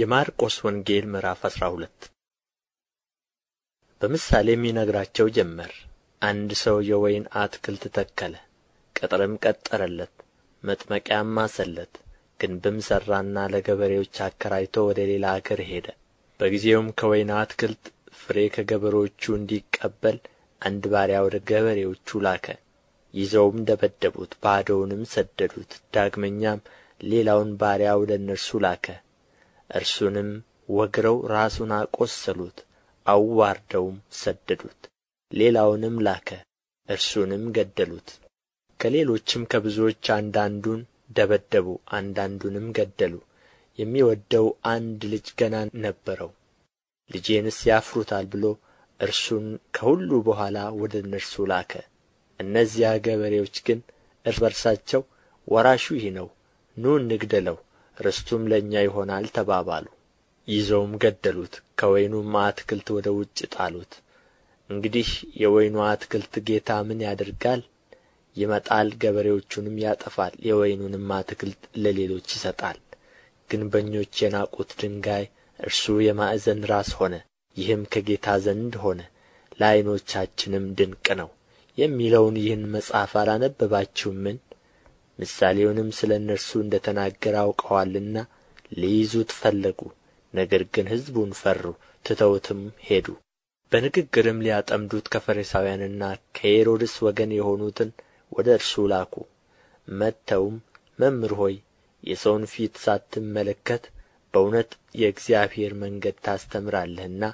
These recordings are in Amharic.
የማርቆስ ወንጌል ምዕራፍ 12 ሁለት በምሳሌም ይነግራቸው ጀመር። አንድ ሰው የወይን አትክልት ተከለ፣ ቅጥርም ቀጠረለት፣ መጥመቂያም ማሰለት፣ ግንብም ሠራና ለገበሬዎች አከራይቶ ወደ ሌላ አገር ሄደ። በጊዜውም ከወይን አትክልት ፍሬ ከገበሬዎቹ እንዲቀበል አንድ ባሪያ ወደ ገበሬዎቹ ላከ። ይዘውም ደበደቡት፣ ባዶውንም ሰደዱት። ዳግመኛም ሌላውን ባሪያ ወደ እነርሱ ላከ። እርሱንም ወግረው ራሱን አቆሰሉት አዋርደውም ሰደዱት ሌላውንም ላከ እርሱንም ገደሉት ከሌሎችም ከብዙዎች አንዳንዱን ደበደቡ አንዳንዱንም ገደሉ የሚወደው አንድ ልጅ ገና ነበረው ልጄንስ ያፍሩታል ብሎ እርሱን ከሁሉ በኋላ ወደ እነርሱ ላከ እነዚያ ገበሬዎች ግን እርስ በርሳቸው ወራሹ ይህ ነው ኑ እንግደለው ርስቱም ለእኛ ይሆናል ተባባሉ ይዘውም ገደሉት ከወይኑም አትክልት ወደ ውጭ ጣሉት እንግዲህ የወይኑ አትክልት ጌታ ምን ያደርጋል ይመጣል ገበሬዎቹንም ያጠፋል የወይኑንም አትክልት ለሌሎች ይሰጣል ግንበኞች የናቁት ድንጋይ እርሱ የማዕዘን ራስ ሆነ ይህም ከጌታ ዘንድ ሆነ ለዐይኖቻችንም ድንቅ ነው የሚለውን ይህን መጽሐፍ አላነበባችሁምን ምሳሌውንም ስለ እነርሱ እንደ ተናገረ አውቀዋልና ሊይዙት ፈለጉ ነገር ግን ሕዝቡን ፈሩ ትተውትም ሄዱ በንግግርም ሊያጠምዱት ከፈሪሳውያንና ከሄሮድስ ወገን የሆኑትን ወደ እርሱ ላኩ መጥተውም መምህር ሆይ የሰውን ፊት ሳትመለከት በእውነት የእግዚአብሔር መንገድ ታስተምራለህና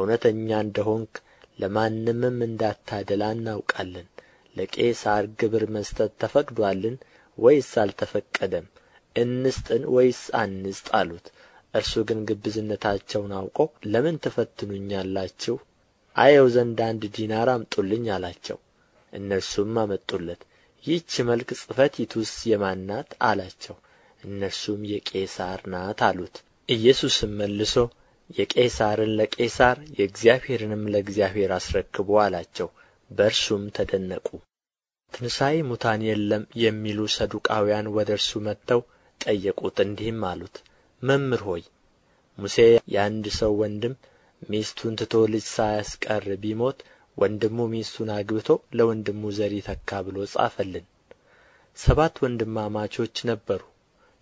እውነተኛ ሆንክ ለማንምም እንዳታደላ እናውቃለን ለቄሣር ግብር መስጠት ተፈቅዶአልን ወይስ አልተፈቀደም እንስጥን ወይስ አንስጥ አሉት እርሱ ግን ግብዝነታቸውን አውቆ ለምን ትፈትኑኛላችሁ አየው ዘንድ አንድ ዲናር አምጡልኝ አላቸው እነርሱም አመጡለት ይህች መልክ ጽሕፈቲቱስ የማን ናት አላቸው እነርሱም የቄሣር ናት አሉት ኢየሱስም መልሶ የቄሣርን ለቄሣር የእግዚአብሔርንም ለእግዚአብሔር አስረክቡ አላቸው በእርሱም ተደነቁ ትንሣኤ ሙታን የለም የሚሉ ሰዱቃውያን ወደ እርሱ መጥተው ጠየቁት እንዲህም አሉት መምህር ሆይ ሙሴ የአንድ ሰው ወንድም ሚስቱን ትቶ ልጅ ሳያስቀር ቢሞት ወንድሙ ሚስቱን አግብቶ ለወንድሙ ዘር ይተካ ብሎ ጻፈልን። ሰባት ወንድማማቾች ነበሩ።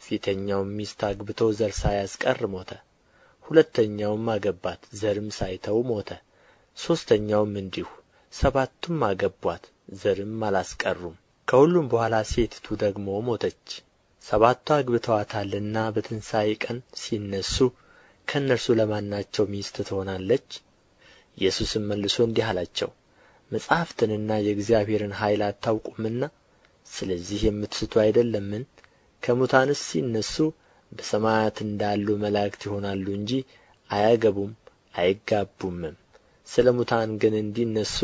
ፊተኛውም ሚስት አግብቶ ዘር ሳያስቀር ሞተ። ሁለተኛውም አገባት፣ ዘርም ሳይተው ሞተ። ሦስተኛውም እንዲሁ። ሰባቱም አገቧት፣ ዘርም አላስቀሩም ከሁሉም በኋላ ሴቲቱ ደግሞ ሞተች ሰባቱ አግብተዋታልና በትንሣኤ ቀን ሲነሱ ከእነርሱ ለማናቸው ሚስት ትሆናለች ኢየሱስም መልሶ እንዲህ አላቸው መጻሕፍትንና የእግዚአብሔርን ኃይል አታውቁምና ስለዚህ የምትስቱ አይደለምን ከሙታንስ ሲነሱ በሰማያት እንዳሉ መላእክት ይሆናሉ እንጂ አያገቡም አይጋቡምም ስለ ሙታን ግን እንዲነሱ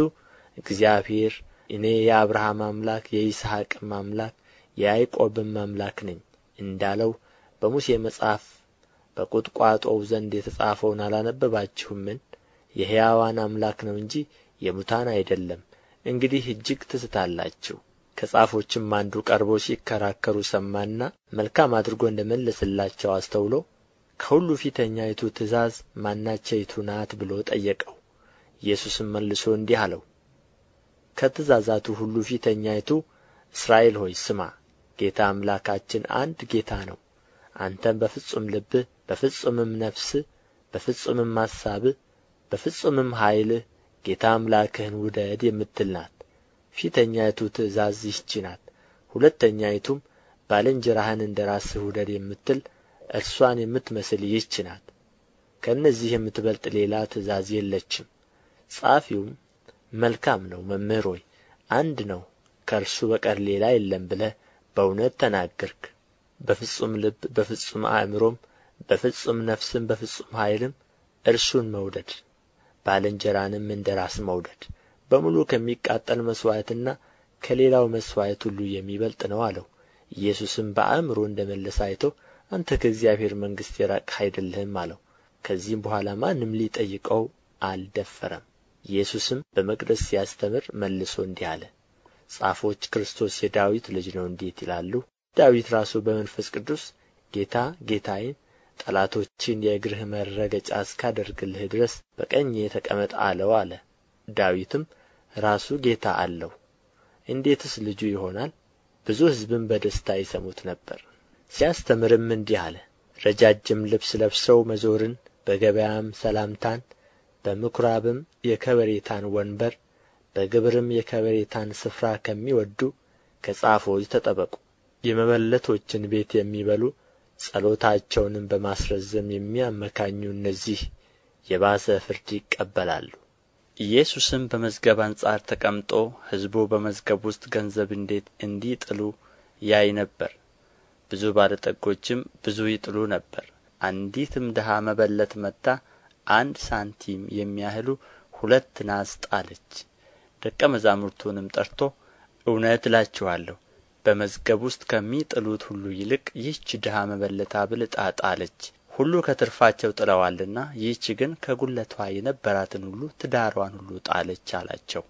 እግዚአብሔር እኔ የአብርሃም አምላክ የይስሐቅም አምላክ የያዕቆብም አምላክ ነኝ እንዳለው በሙሴ መጽሐፍ በቁጥቋጦው ዘንድ የተጻፈውን አላነበባችሁምን የሕያዋን አምላክ ነው እንጂ የሙታን አይደለም እንግዲህ እጅግ ትስታላችሁ ከጻፎችም አንዱ ቀርቦ ሲከራከሩ ሰማና መልካም አድርጎ እንደ መለስላቸው አስተውሎ ከሁሉ ፊተኛይቱ ትእዛዝ ማናቸይቱ ናት ብሎ ጠየቀው ኢየሱስም መልሶ እንዲህ አለው ከትእዛዛቱ ሁሉ ፊተኛይቱ እስራኤል ሆይ ስማ ጌታ አምላካችን አንድ ጌታ ነው አንተም በፍጹም ልብህ በፍጹምም ነፍስህ በፍጹምም አሳብህ በፍጹምም ኃይልህ ጌታ አምላክህን ውደድ የምትል ናት ፊተኛይቱ ትእዛዝ ይህች ናት ሁለተኛይቱም ባልንጀራህን እንደ ራስህ ውደድ የምትል እርሷን የምትመስል ይህች ናት ከእነዚህ የምትበልጥ ሌላ ትእዛዝ የለችም ጻፊውም መልካም ነው መምህር ሆይ አንድ ነው ከእርሱ በቀር ሌላ የለም ብለህ በእውነት ተናገርክ በፍጹም ልብ በፍጹም አእምሮም በፍጹም ነፍስም በፍጹም ኃይልም እርሱን መውደድ ባልንጀራንም እንደ ራስ መውደድ በሙሉ ከሚቃጠል መሥዋዕትና ከሌላው መሥዋዕት ሁሉ የሚበልጥ ነው አለው። ኢየሱስም በአእምሮ እንደ መለሰ አይቶ አንተ ከእግዚአብሔር መንግሥት የራቅህ አይደለህም አለው። ከዚህም በኋላ ማንም ሊጠይቀው አልደፈረም። ኢየሱስም በመቅደስ ሲያስተምር መልሶ እንዲህ አለ ጻፎች ክርስቶስ የዳዊት ልጅ ነው እንዴት ይላሉ ዳዊት ራሱ በመንፈስ ቅዱስ ጌታ ጌታዬን ጠላቶችን የእግርህ መረገጫ እስካደርግልህ ድረስ በቀኜ ተቀመጥ አለው አለ ዳዊትም ራሱ ጌታ አለው እንዴትስ ልጁ ይሆናል ብዙ ሕዝብም በደስታ ይሰሙት ነበር ሲያስተምርም እንዲህ አለ ረጃጅም ልብስ ለብሰው መዞርን በገበያም ሰላምታን በምኵራብም የከበሬታን ወንበር በግብርም የከበሬታን ስፍራ ከሚወዱ ከጻፎች ተጠበቁ የመበለቶችን ቤት የሚበሉ ጸሎታቸውንም በማስረዘም የሚያመካኙ እነዚህ የባሰ ፍርድ ይቀበላሉ። ኢየሱስም በመዝገብ አንጻር ተቀምጦ ሕዝቡ በመዝገብ ውስጥ ገንዘብ እንዴት እንዲጥሉ ያይ ነበር። ብዙ ባለጠጎችም ብዙ ይጥሉ ነበር። አንዲትም ድሃ መበለት መጥታ አንድ ሳንቲም የሚያህሉ ሁለት ናስ ጣለች ደቀ መዛሙርቱንም ጠርቶ እውነት እላችኋለሁ በመዝገብ ውስጥ ከሚጥሉት ሁሉ ይልቅ ይህች ድሀ መበለታ ብልጣ ጣለች ሁሉ ከትርፋቸው ጥለዋልና ይህች ግን ከጉለቷ የነበራትን ሁሉ ትዳርዋን ሁሉ ጣለች አላቸው